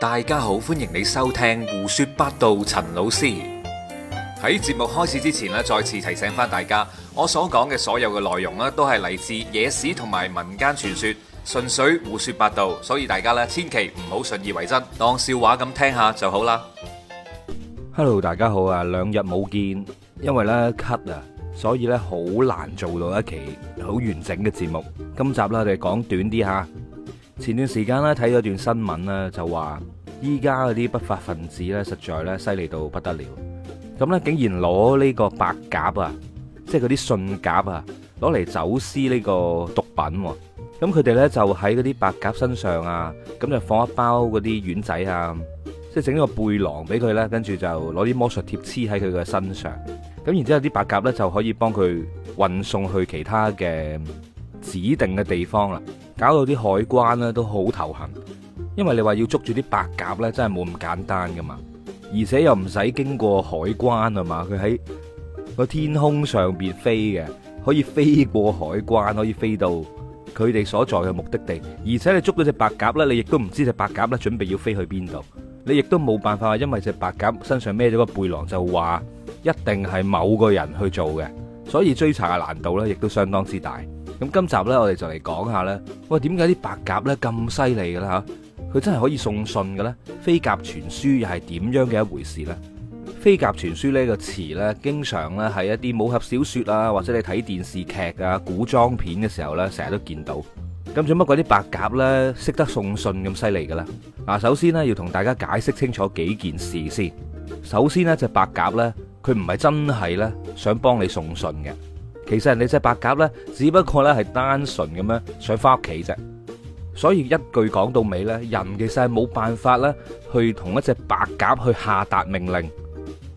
大家好，歡迎你收聽胡說八道。陳老師喺節目開始之前咧，再次提醒翻大家，我所講嘅所有嘅內容咧，都係嚟自野史同埋民間傳說，純粹胡說八道，所以大家咧千祈唔好信以為真，當笑話咁聽下就好啦。Hello，大家好啊，兩日冇見，因為咧咳啊，所以咧好難做到一期好完整嘅節目。今集咧，我哋講短啲吓。前段時間咧睇咗段新聞咧，就話依家嗰啲不法分子咧，實在咧犀利到不得了。咁咧竟然攞呢個白鴿啊，即係嗰啲信鴿啊，攞嚟走私呢個毒品。咁佢哋咧就喺嗰啲白鴿身上啊，咁就放一包嗰啲丸仔啊，即係整個背囊俾佢咧，跟住就攞啲魔術貼黐喺佢嘅身上。咁然之後啲白鴿咧就可以幫佢運送去其他嘅指定嘅地方啦。搞到啲海關咧都好頭痕，因為你話要捉住啲白鴿咧，真係冇咁簡單㗎嘛。而且又唔使經過海關啊嘛，佢喺個天空上邊飛嘅，可以飛過海關，可以飛到佢哋所在嘅目的地。而且你捉到隻白鴿咧，你亦都唔知隻白鴿咧準備要飛去邊度，你亦都冇辦法話，因為隻白鴿身上孭咗個背囊，就話一定係某個人去做嘅，所以追查嘅難度咧亦都相當之大。咁今集呢，我哋就嚟講下呢。喂，點解啲白鴿呢咁犀利嘅啦吓，佢真係可以送信嘅咧？飛鴿傳書又係點樣嘅一回事呢？飛鴿傳書呢個詞呢，經常咧係一啲武俠小說啊，或者你睇電視劇啊、古裝片嘅時候呢，成日都見到。咁，做乜鬼啲白鴿呢？識得送信咁犀利嘅啦。嗱，首先呢，要同大家解釋清楚幾件事先。首先呢，隻白鴿呢，佢唔係真係呢，想幫你送信嘅。其實人哋隻白鴿咧，只不過咧係單純咁樣想翻屋企啫。所以一句講到尾咧，人其實係冇辦法咧，去同一隻白鴿去下達命令，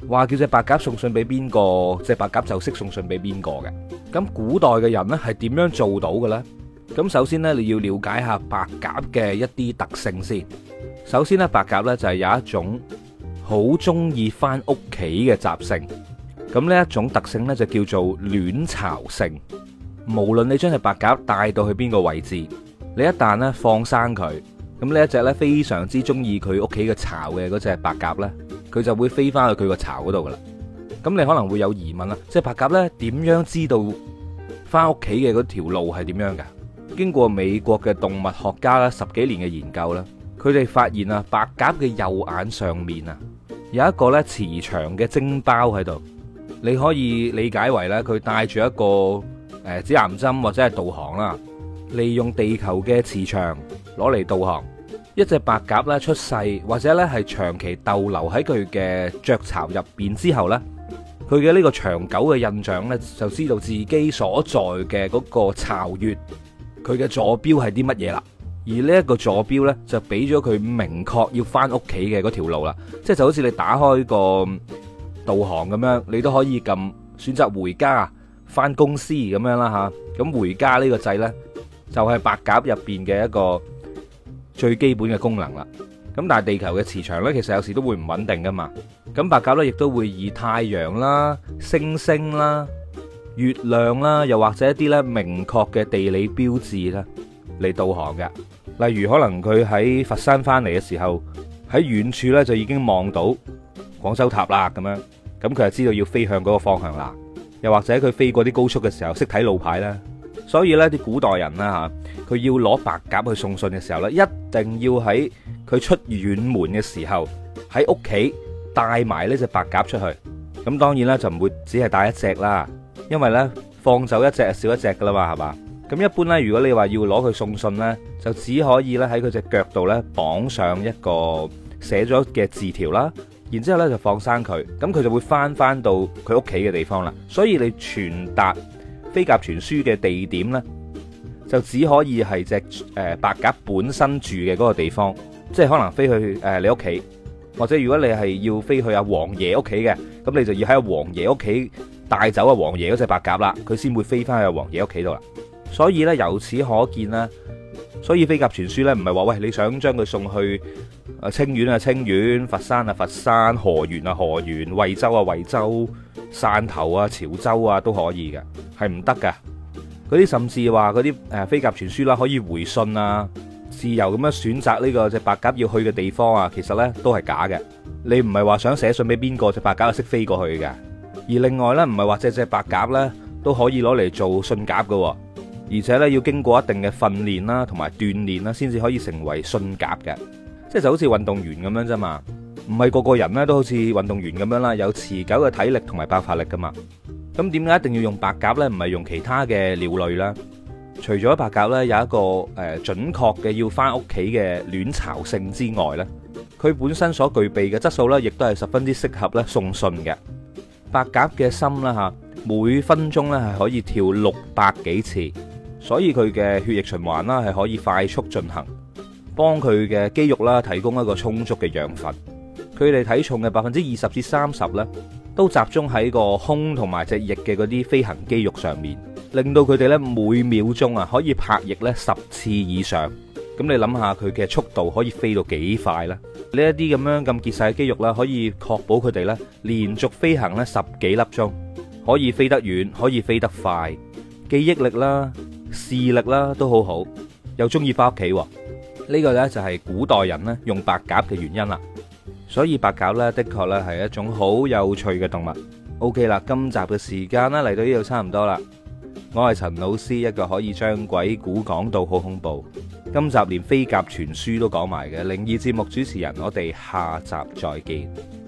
話叫隻白鴿送信俾邊個，隻白鴿就識送信俾邊個嘅。咁古代嘅人咧係點樣做到嘅咧？咁首先咧你要了解一下白鴿嘅一啲特性先。首先咧白鴿咧就係有一種好中意翻屋企嘅習性。咁呢一種特性呢，就叫做戀巢性。無論你將隻白鴿帶到去邊個位置，你一旦放生佢，咁呢一隻非常之中意佢屋企嘅巢嘅嗰隻白鴿呢，佢就會飛翻去佢個巢嗰度噶啦。咁你可能會有疑問啦，即係白鴿呢點樣知道翻屋企嘅嗰條路係點樣㗎？經過美國嘅動物學家啦，十幾年嘅研究啦，佢哋發現啊，白鴿嘅右眼上面啊有一個磁場嘅晶胞喺度。你可以理解為咧，佢帶住一個誒指南針或者係導航啦，利用地球嘅磁場攞嚟導航。一隻白鴿咧出世，或者咧係長期逗留喺佢嘅雀巢入邊之後呢，佢嘅呢個長久嘅印象呢，就知道自己所在嘅嗰個巢穴，佢嘅坐標係啲乜嘢啦。而呢一個坐標呢，就俾咗佢明確要翻屋企嘅嗰條路啦。即係就好似你打開個導航咁樣，你都可以撳選擇回家、翻公司咁樣啦吓。咁回家呢個掣呢，就係白鴿入邊嘅一個最基本嘅功能啦。咁但係地球嘅磁場呢，其實有時都會唔穩定噶嘛。咁白鴿呢，亦都會以太陽啦、星星啦、月亮啦，又或者一啲呢明確嘅地理標誌啦嚟導航嘅。例如，可能佢喺佛山翻嚟嘅時候，喺遠處呢，就已經望到。廣州塔啦，咁樣咁佢就知道要飛向嗰個方向啦。又或者佢飛過啲高速嘅時候，識睇路牌啦。所以呢啲古代人啦吓，佢要攞白鴿去送信嘅時候呢，一定要喺佢出遠門嘅時候喺屋企帶埋呢隻白鴿出去。咁當然啦就唔會只係帶一隻啦，因為呢放走一隻少一隻噶啦嘛，係嘛？咁一般呢，如果你話要攞佢送信呢，就只可以咧喺佢隻腳度呢綁上一個寫咗嘅字條啦。然之後咧就放生佢，咁佢就會翻翻到佢屋企嘅地方啦。所以你傳達飛鴿傳書嘅地點呢，就只可以係隻誒白鴿本身住嘅嗰個地方，即係可能飛去誒你屋企，或者如果你係要飛去阿王爺屋企嘅，咁你就要喺阿王爺屋企帶走阿王爺嗰隻白鴿啦，佢先會飛翻去阿王爺屋企度啦。所以呢，由此可見咧。所以飛鴿傳書咧，唔係話喂你想將佢送去啊清遠啊清遠、佛山啊佛山、河源啊河源、惠州啊惠州、汕頭啊潮州啊都可以嘅，係唔得嘅。嗰啲甚至話嗰啲誒飛鴿傳書啦，可以回信啊，自由咁樣選擇呢個隻白鴿要去嘅地方啊，其實咧都係假嘅。你唔係話想寫信俾邊個隻白鴿就識飛過去嘅。而另外咧，唔係話隻隻白鴿咧都可以攞嚟做信鴿嘅啊。而且咧要經過一定嘅訓練啦，同埋鍛鍊啦，先至可以成為信鴿嘅，即係就好似運動員咁樣啫嘛。唔係個個人咧都好似運動員咁樣啦，有持久嘅體力同埋爆發力噶嘛。咁點解一定要用白鴿咧？唔係用其他嘅鳥類啦。除咗白鴿咧有一個誒準確嘅要翻屋企嘅戀巢性之外咧，佢本身所具備嘅質素咧，亦都係十分之適合咧送信嘅。白鴿嘅心啦嚇，每分鐘咧係可以跳六百幾次。所以佢嘅血液循環啦，係可以快速進行，幫佢嘅肌肉啦提供一個充足嘅養分。佢哋體重嘅百分之二十至三十咧，都集中喺個胸同埋隻翼嘅嗰啲飛行肌肉上面，令到佢哋呢每秒鐘啊可以拍翼呢十次以上。咁你諗下佢嘅速度可以飛到幾快呢？呢一啲咁樣咁結實嘅肌肉啦，可以確保佢哋呢連續飛行呢十幾粒鐘，可以飛得遠，可以飛得快，記憶力啦。視力啦都好好，又中意翻屋企，呢個呢，就係古代人用白鴿嘅原因啦。所以白鴿呢，的確咧係一種好有趣嘅動物。OK 啦，今集嘅時間呢，嚟到呢度差唔多啦。我係陳老師，一個可以將鬼故講到好恐怖。今集連飛鴿傳書都講埋嘅靈異節目主持人，我哋下集再見。